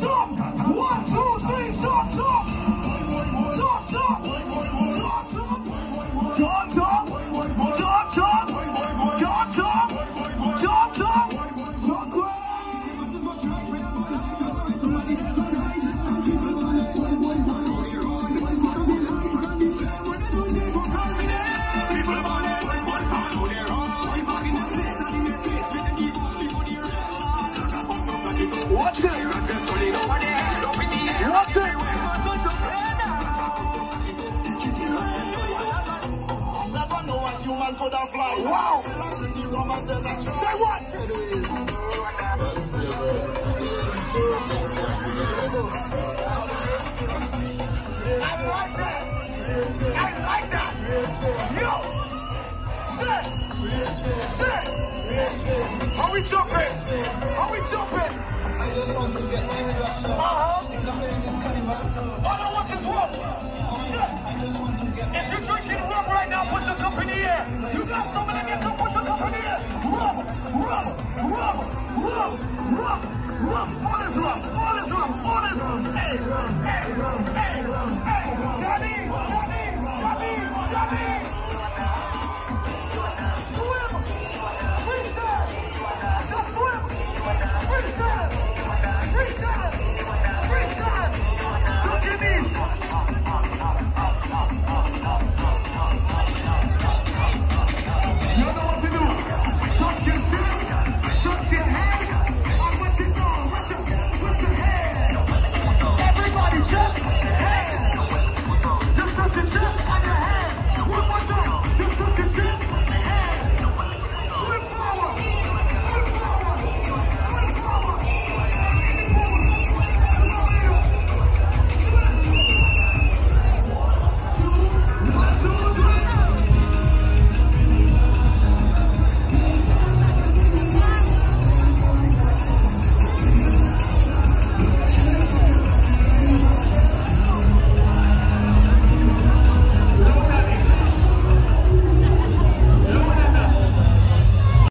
chop. One, two, three, chop, chop. Chop, chop. Chop, chop. Chop, chop. Chop, chop. Chop, chop. Watch it. Watch it. Wow. Say what? I like that. I like that. Yo. Say. Say. How we jumping? How we jumping? You got somebody that come put your company Rum, rum, rum, rum, rum, rum. All this rum, all this rum, all this rum. Hey, rum, hey, hey, hey. Daddy, daddy.